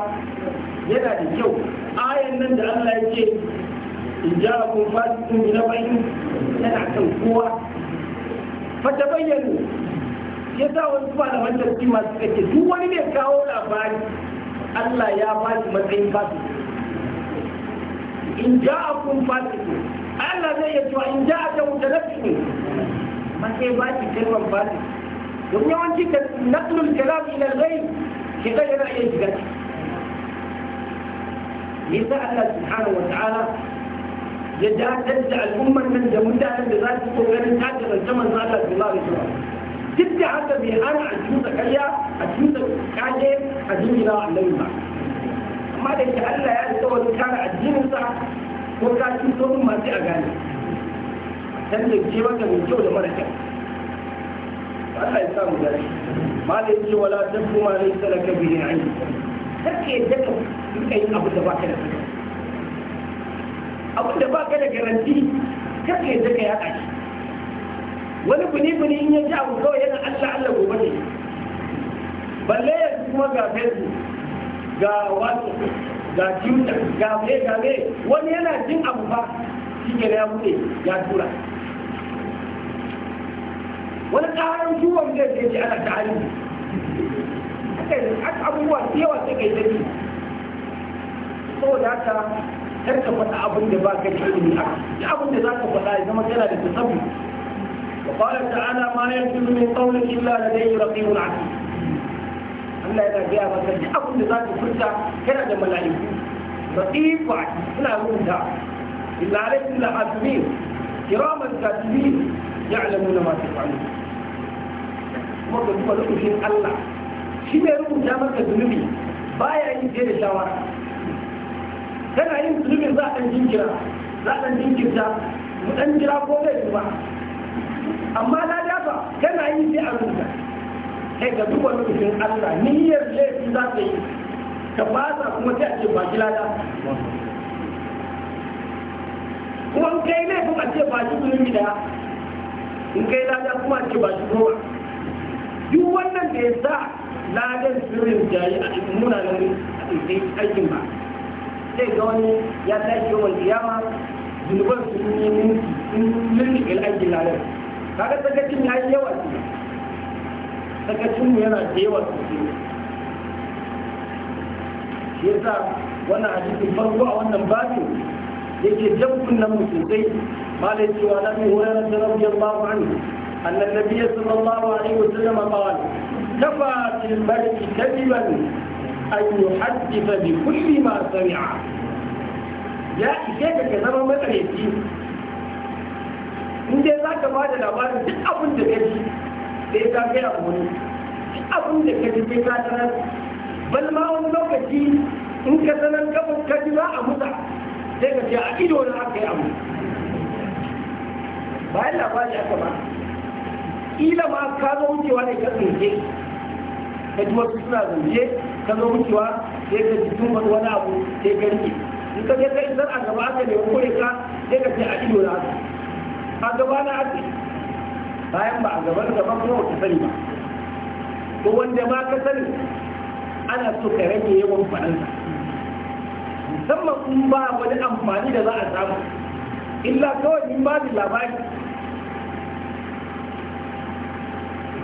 yana da kyau ayan nan da Allah ya ce in ja kun fasikun na nabayin yana kan kowa fata bayyana ya sa wasu malaman tafsir masu kake duk wani ne kawo labari Allah ya ba shi matsayin fasikun in ja kun fasikun Allah zai iya cewa in ja'a ta mutalaqi ba sai ba ki kalmar ba ne don yawanci ka naqlul kalam ila al-ghayb shi ga yana iya shiga yasa Allah subhanahu wa ta'ala ya dakatar da al'ummar nan da mutanen da za su so ganin tajar da zaman Allah sallallahu alaihi wasallam duk da haka bai ana a cuta karya a cuta kaje a jingina wa annabi ba amma da ke Allah ya rika wani kare addininsa ko ka ci so ma sai a gane tantance wata mai kyau da mara kyau Allah ya samu gari da yake wala dabbu ma lai salaka bihi yi kake yadda ka duka yin abu da ka da saka abu da ka da garanti kake yadda ka ya shi wani bini bini in ya ji abu kawai yana Allah Allah gobe ne balle ya kuma ga Facebook ga WhatsApp ga tuta ga me ga me wani yana jin abu ba shi ke ya buɗe ya tura wani ƙarar ciwon zai ce ce ana ta'ali aka abubuwa da yawa kai dani saboda haka kar ka faɗa abin da ba ka da ilimi a da abin da za ka faɗa ya zama tana da tasabbu وقال تعالى ما يلفظ من قول الا لديه رقيب عتيد Allah yana gaya masa duk abin da za ka furta yana da mala'iku rafiqa suna rubuta illa alaikum la azmin kiraman katibin na masu taf'alun kuma ka duba lokacin Allah shi ne rubuta maka zunubi baya yin fiye da shawara tana yin zunubin za a ɗan jinkira za a ɗan jinkirta mu ɗan jira ko zai ba amma na dafa kana yin sai a rubuta kai ga duk wani mutum Allah niyyar laifi za ta yi ka ba sa kuma ta ce ba ki lada kuma in kai laifin a ce ba shi zulumi da in kai lada kuma ce ba shi goma duk wannan da ya sa ladan sirrin jayi a cikin munanan aikin ba sai ga wani ya tashi yawan kiyama zunuban su ne minti in lulluɓe ladan kaga sakacin ya yi yawa ne daga cin yana da yawa sosai shi yasa a cikin farko a wannan babu yake jabbun nan musulmai ma da yake wa nabi wurin da rabu ya ba wa ne annan nabi ya sun ba wa ne wa sun ba wa ne kafa cin barki kaliban an yi haddisa bi kulli ma sami'a ya ishe ka ka zama matsalaci in dai za ka ba da labarin duk abin da ya ji sai ka kai abu wani abin da ka ji sai ka sanar bal ma wani lokaci in ka sanar kafin ka ji za a musa sai ka ce a ido na aka yi abu bayan labari aka ba kila ma ka zo wucewa ne ka tsinke ka ji wasu suna zance ka zo wucewa sai ka ji tun wani abu sai ka rike in ka je ka isar a gaba aka ne kure ka sai ka ce a ido na aka a gaba na aka bayan ba a gaban gaban kuma wata sani ba to wanda ma ka sani ana so ka rage yawan faɗansa musamman in ba wani amfani da za a samu illa kawai in ba labari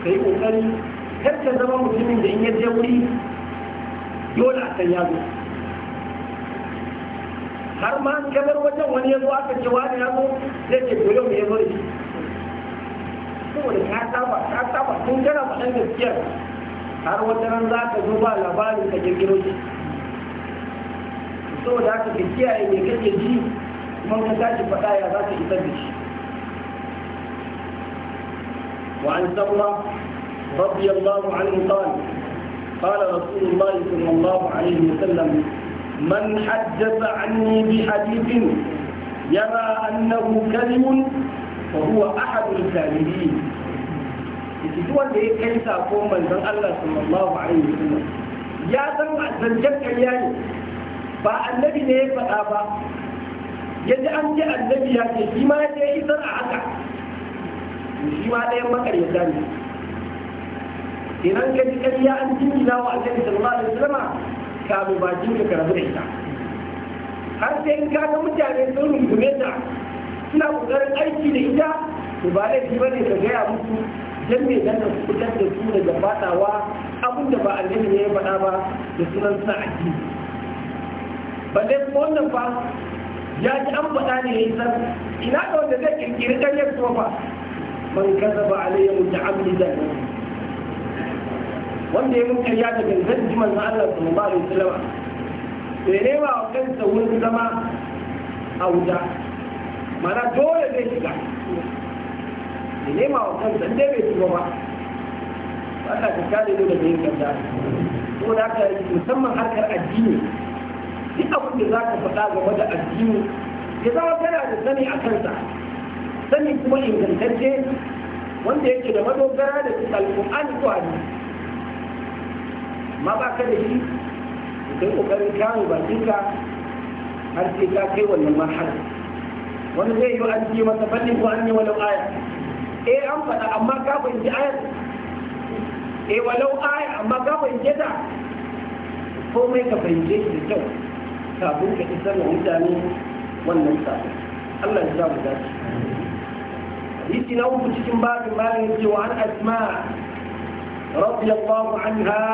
ka yi ƙoƙari kar ka zama mutumin da in ya je wuri dole a har ma kamar wajen wani ya aka ce wani ya zai ce ya zo da shi saboda ka saba ka saba tun kana faɗan gaskiyar har wata ran za ka zo ba labarin ka kirkiro shi saboda haka ka kiyaye me kake ji kuma ka tashi faɗa ya za ka isar da shi وعن سمرة رضي الله عنه قال قال رسول الله صلى الله عليه وسلم من حدث عني بحديث يرى أنه كذب fa huwa ahadul kalimini yake duk wanda ya kai sako manzon Allah sallallahu alaihi wasallam ya san zancen ƙarya ne ba annabi ne ya faɗa ba yadda an ji annabi ya ce shi ma ya isar a haka shi ma ɗayan makaryata ne idan ka ji ƙarya an jingina wa annabi sallallahu alaihi wasallam ka mu bakin ka karabu da ita har sai in ka ga mutane sun rungume ta suna ƙoƙarin aiki da ita to ba laifi ba ne ka gaya musu dan me dan su fitar da su daga fadawa abin da ba annabi ne ya faɗa ba da sunan suna addini Ba dai kuma wannan fa ya ji an faɗa ne ya san ina da wanda zai kirkiri ƙaryar kuma fa man kaza ba alayya muta'ammidan wanda ya mun ya da gangan ji manzo Allah sallallahu alaihi wasallam bai nema wa kansa wurin zama a wuta mana dole zai shiga da nema wa kansa inda bai shiga ba Allah ka kare dole da yin ko da yi musamman harkar addini duk abin da za ka faɗa game da addini ya zama kana da sani a kansa sani kuma ingantacce wanda yake da madogara da su alƙur'ani ko hadisi amma ba ka da shi kai ƙoƙarin kawo bakinka har sai ka kai wannan marhala wani zai yi an ce masa fannin ko an yi walau aya eh an faɗa amma ka fahimci ayar eh walau aya amma ka fahimce ta komai ka fahimce shi da kyau kafin ka isar da mutane wannan sabon Allah ya samu dace hadisi na uku cikin babin malam yace wa an asma رضي الله عنها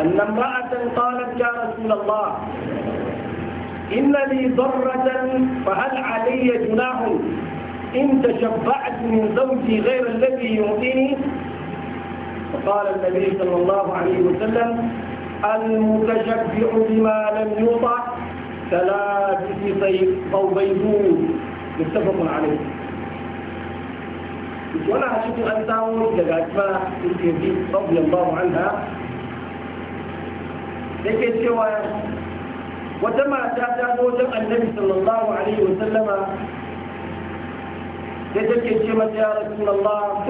أن امرأة قالت يا رسول الله إن لي ضرة فهل علي جناح إن تشبعت من زوجي غير الذي يعطيني فقال النبي صلى الله عليه وسلم المتشبع بما لم يوطع ثلاثة سيف أو بيدود متفق عليه وانا هشوف أن تعود لقاتما الكبير رضي الله عنها لكي سوى وتما تاتا دوجا النبي صلى الله عليه وسلم يدك الجمة يا رسول الله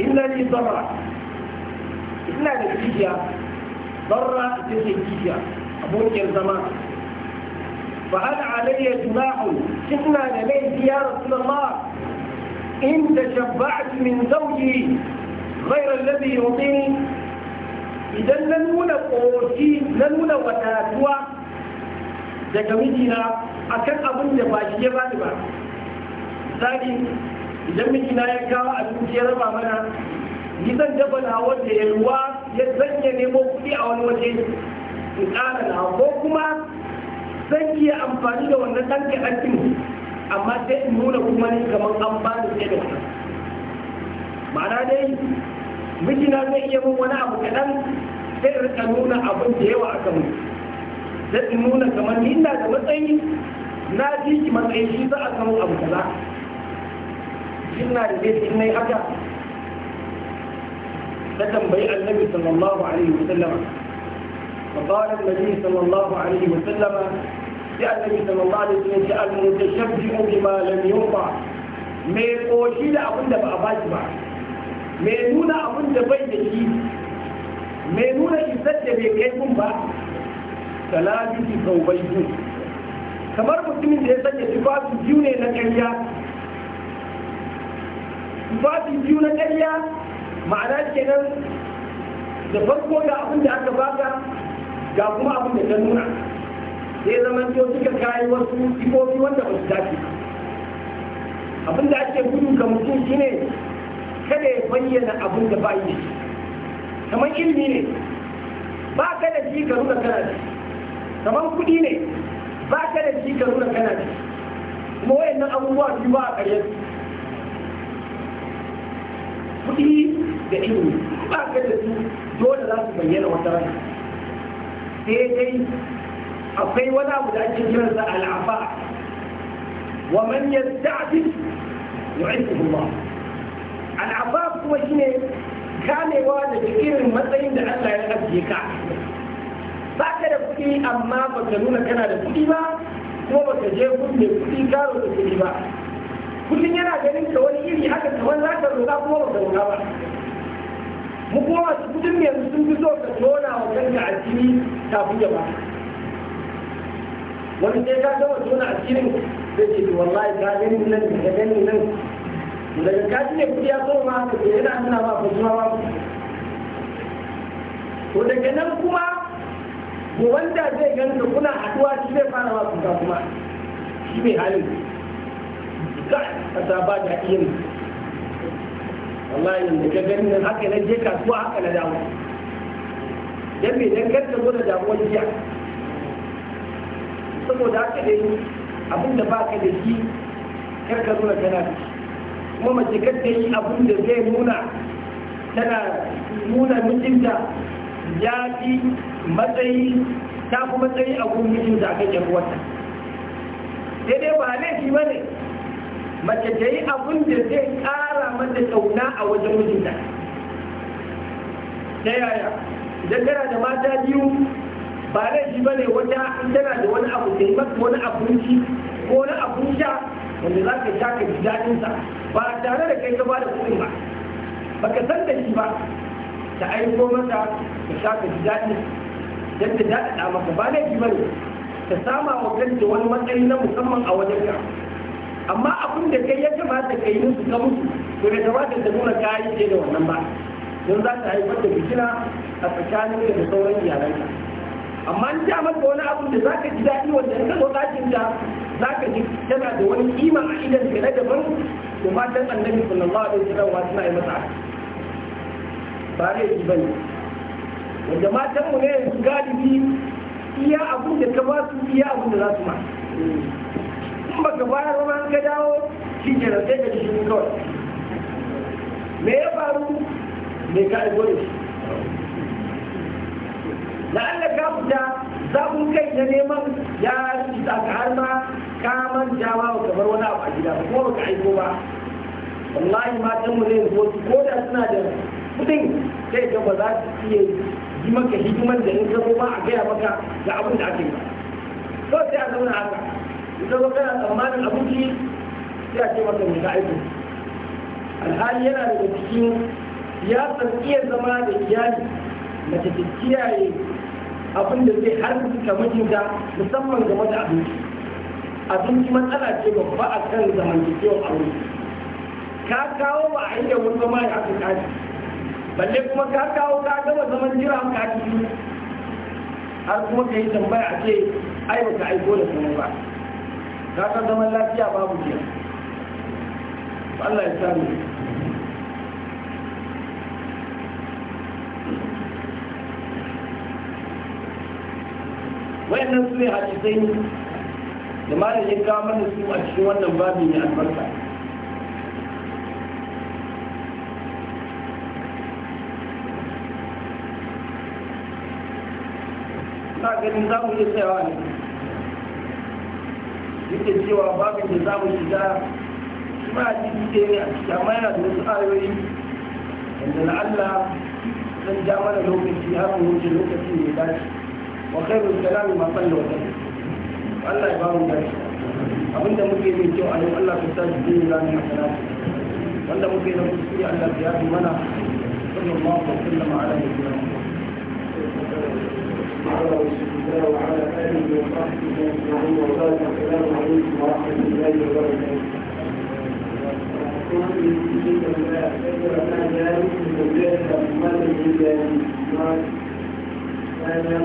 إلا لي ضرع إلا لي ضرع تسيكيجيا أبو كل زمان فهل علي جناح شفنا لليل يا رسول الله إن تشبعت من زوجي غير الذي يعطيني idan na nuna ƙoshi na nuna wadatuwa daga mijina a kan abin da ba shi ya bani ba misali idan mijina ya kawo abinci ya raba mana ni zan dafa na wanda ya ruwa ya zanya nemo kuɗi a wani waje in ƙara na ko kuma zan iya amfani da wannan ɗan kaɗan amma sai in nuna kuma ni kamar an bani ke da ma'ana dai mijina zai iya mun wani abu kaɗan sai in rika nuna abin da yawa a kan sai in nuna kamar ni ina da matsayi na ji ki matsayi shi za a samu abu kaza ina da zai in nai haka ta tambayi annabi sallallahu alaihi wasallama فقال النبي صلى الله عليه وسلم جاء النبي صلى الله عليه وسلم المتشبع بما da يوقع da ba a baki ba? mai nuna abin da bai da shi mai nuna isar da bai kai kun ba talabi ki saubai kun kamar mutumin da ya sanya tufafi biyu ne na karya, tufafi biyu na karya ma'ana kenan da farko ga abin da aka baka ga kuma abin da ta nuna sai zama to suka kayi wasu ikofi wanda ba su dace abin da ake gudu ga mutum shine kada ya bayyana abin da ba yi kamar ilimi ne ba ka da shi ka nuna kana da kamar kuɗi ne ba ka da shi ka nuna kana da kuma wayannan abubuwa biyu ba a ƙaryar kuɗi da ilimi ba ka da su dole za su bayyana wata rana sai dai akwai wani abu da ake kiransa al'afa wa man yasta'fif
yu'izzuhu Allah
al'abbas kuma shine kamewa da irin matsayin da Allah ya ajiye ka ba ka da kuɗi amma baka nuna kana da kuɗi ba kuma baka ka je kunne kuɗi karo da kuɗi ba kullum yana ganin ka wani iri haka kamar za ka roƙa kuma ba ka roƙa ba mu kuma masu kuɗin yanzu sun fi so ka tona wa kanka a jini kafin ya ba wani sai ka gama tona a jinin zai ce wallahi ka gani nan ka gani nan daga kaji ne kudi ya koma ma haka ke yana nuna ma ko kuma babu to daga nan kuma wanda zai ganta kuna haduwa shi zai fara ma kuka kuma shi mai halin ka ta ba da iya ne wallahi da daga gani nan haka na je kasuwa haka na dawo dan me dan kar ka da damuwar jiya saboda haka dai abin da baka da shi kar ka zo da kana da shi kuma mace kadda yi abin da zai nuna tana nuna mijinta ya fi matsayi ta kuma matsayi a kun mijinta a kan wata. sai dai ba laifi ba ne mace ta yi abin da zai ƙara mata ƙauna a wajen mijinta ta yaya idan tana da mata biyu ba laifi ba ne wata tana da wani abu da yi mata wani abinci ko wani abin sha wanda za ka sha ka ji daɗinsa ba tare da kai ka ba da kuɗin ba baka san da shi ba ta aiko masa ka sha ka ji daɗi don ta daɗaɗa maka ba laifi ba ne ta sama wa kanta wani matsayi na musamman a wajen ka amma abin da kai ya kamata ka yi musu ka musu to bai kamata ta nuna kayan ce da wannan ba don za ta haifar da bikina a tsakanin da sauran iyalanka amma in ta maka wani abu da za ka ji daɗi wanda in ka zo ɗakin ta ka ji tana da wani kima a idan ka na daban da matan annabi sallallahu alaihi wasallam wa suna yi masa ba da bane wanda matan mu ne galibi iya abun da ka ba su iya abun da za su ma in ka bayar ba ka dawo shi ke da sai ka ji shi kawai me ya faru me ka aiko da
shi
la'alla ka fita zafin kai da neman ya isa ka har ma ka manta ma ba kamar wani abu a gida ba kuma aiko ba wallahi matan mu zai zo ko da suna da kudin sai ka ba za su iya yi maka hikimar da in ka zo ma a gaya maka ga abin da ake ba So sai a zauna haka ita ba kana tsammanin abinci sai a ce maka mai ka aiko alhali yana daga cikin siyasar iya zama da iyali mace ta kiyaye abin da zai harkuta mijinta musamman game da abinci abinci matsala ce babba a kan zamantakewar aure ka kawo ba a inda wani zama ya aka kaji balle kuma ka kawo ka gama zaman jira ka ji har kuma ka yi tambaya a ce ai ba ka aiko da kuma ba ka san zaman lafiya babu jiya Allah ya sami wayannan su ne hadisai da malam ya kawo mana su a cikin wannan babi ne albarka na ganin za mu iya tsayawa ne duk da cewa babin da za mu shiga kuma a cikin ne a cikin amma yana da wasu ayoyi wanda na Allah zan ja mana lokaci har mu wuce lokacin da ya dace وخير الكلام ما صلى وسلم Allah ya ba mu dace abinda muke mai kyau a yau Allah ka sa ji ne ranar masana wanda muke da kuskure Allah ya yi mana sallallahu alaihi wa sallam
ala nabiyina وعلى آله وصحبه أجمعين وبارك السلام عليكم ورحمة الله وبركاته. أقول في سبيل الله أجر ما جاء من مجاهد أمة الجاهلين Gracias.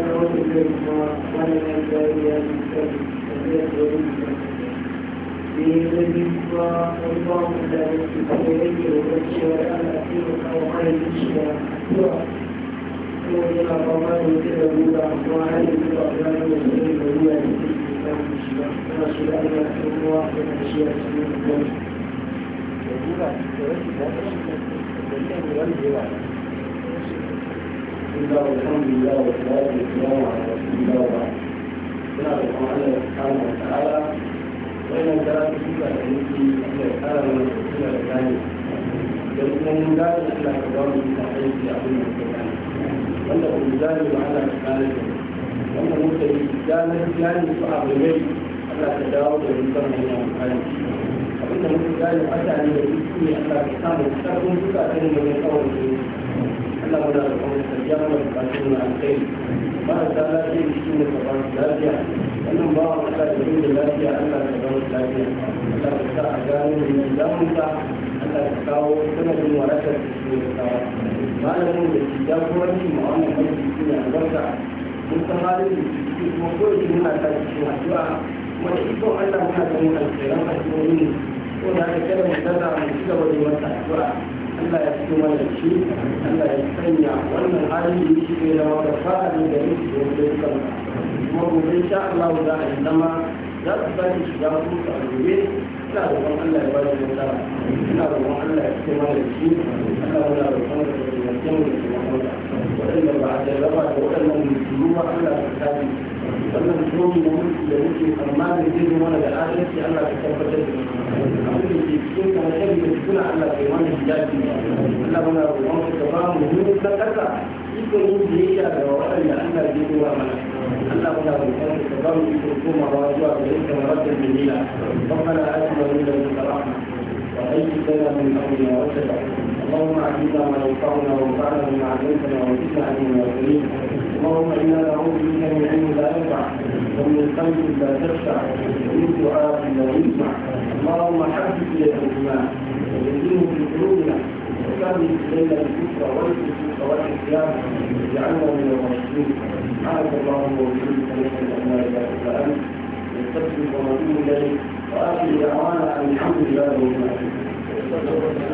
إلا والحمد لله والصلاة والسلام على رسول الله وبعد سنة الله سبحانه وتعالى وإن الدراسة تلك التي تعالى من الرسول الثاني يقول من ذلك إلى حضار المستحيل في عظيم
القرآن وأنه يجادل على إسلامه وأنه يجادل
إسلامه صعب إليه على تجاوز الإنسان من القرآن abinda mutum gani a mutane da duk ne a kan samun sarkun duka kan mai kawai Allah da
kuma sarki mana da bakin na alkai marasa lafiya shi ne ka ba lafiya wannan ba a Allah da yin lafiya Allah ka ba lafiya Allah ka sa a gano da yin ta Allah ka kawo sanadin warakar da shi ne kawo malamin da ke jagoranci ma wannan mulki shi ne albarka mun san halin da shi kuma kowace muna ta a addu'a kuma da ikon ta muna ganin alkhairan addu'o'i ko da aka kada mu tsara mu ci gaba da yi a addu'a Allah ya fito mana da shi Allah ya sanya wannan hali shi ne na wata fara ne da yake da ya kama kuma gobe insha Allah za a yi zama za su sake shiga su a gobe ina roƙon Allah ya ba da nasara
ina roƙon Allah ya fito mana da shi Allah ya roƙon da ya fito mana da shi waɗanda ba a jarraba da waɗannan musulmi ba Allah ya tafi wannan mutum
da muke tsammanin zai zo mana da adalci Allah ka tabbatar da shi abin da ke cikin kamashin da suna Allah ka yi mana hijabi Allah muna roƙon su ka ba mu hudu na ƙasa ikon yin biyayya ga waɗanda Allah zai zo mana Allah muna roƙon su ka ba mu ikon komawa zuwa ga yankin rabin jamila ربنا آتنا من لدنك رحمة
وأي سنة من أمرنا وسبع اللهم أعزنا ما ينفعنا وانفعنا بما علمتنا وزدنا علما يقينا اللهم إنا نعوذ بك من علم لا ينفع ومن
قلب لا تشفع ومن دعاء لا يسمع اللهم حبب إليك
الإيمان وزينه في قلوبنا وكامل إلينا الكفر والفسوق والعصيان واجعلنا من الراشدين سبحانك اللهم وبحمدك نشهد أن لا إله إلا أنت المستقبل ومدين إليه وآخر دعوانا الحمد لله رب العالمين